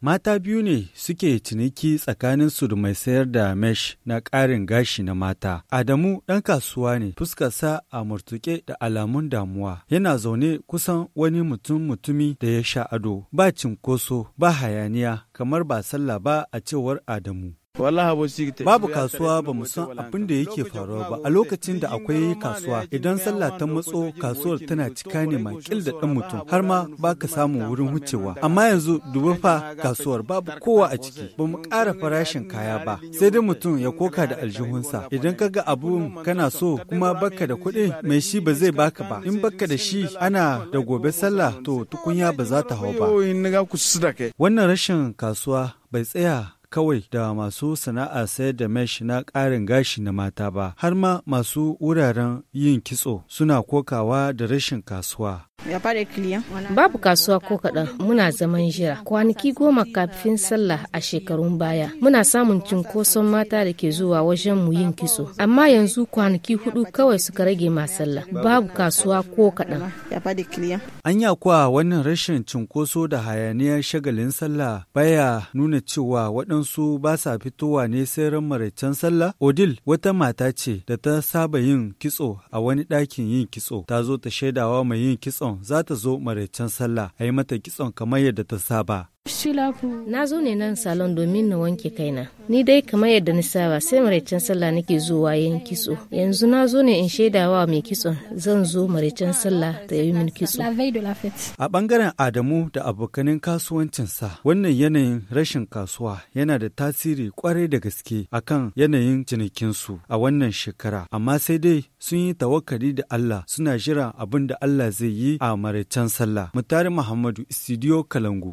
Mata biyu ne suke ciniki tsakaninsu da mai sayar da mesh na ƙarin gashi na mata. Adamu ɗan kasuwa ne, fuskarsa a murtuke da alamun damuwa. Yana zaune kusan wani mutum mutumi da ya sha ado, ba cinkoso, ba hayaniya, kamar ba sallah ba a cewar Adamu. Babu kasuwa ba mu san abin da yake faruwa ba a lokacin da akwai kasuwa idan sallah ta matso kasuwar tana cika ne makil da ɗan mutum har ma baka ka samu wurin wucewa. Amma yanzu duba fa kasuwar babu kowa a ciki ba mu ƙara farashin kaya ba sai dai mutum ya koka da aljihunsa idan ka ga abun kana so kuma baka da kuɗi mai shi ba zai baka ba in baka da shi ana da gobe sallah to tukunya ba za ta hau ba. Wannan rashin kasuwa bai tsaya kawai da masu sana'a sayar da mesh na ƙarin gashi na mata ba, har ma masu wuraren yin kitso suna kokawa da rashin kasuwa. Babu kasuwa ko kaɗan muna zaman jira kwanaki goma kafin sallah a shekarun baya muna samun cinkoson mata da ke zuwa wajen mu yin kitso amma yanzu kwanaki hudu kawai suka rage ma sallah babu kasuwa ko kaɗan. Anya kuwa wannan rashin cinkoso da hayaniyar shagalin sallah baya nuna cewa waɗansu ba sa fitowa ne sai ran maraicen sallah. Odil wata mata ce da ta saba yin kitso a wani ɗakin yin kitso ta zo ta shaidawa mai yin kitson za ta zo maraicen sallah a yi mata kitson kamar yadda ta saba. Na zo ne nan salon domin na wanke kaina. Ni dai kamar yadda ni saba sai maraicen sallah nake zuwa yin kitso. Yanzu na zo ne in wa mai kitson zan zo maraicen sallah da yi min kitso. A bangaren Adamu da abokanin kasuwancinsa wannan yanayin rashin kasuwa yana da tasiri kwarai da gaske akan yanayin cinikinsu a wannan shekara. Amma sai dai sun yi tawakkali da Allah suna jira abin da Allah zai yi a maraicen sallah. Mutari Muhammadu, Studio Kalangu.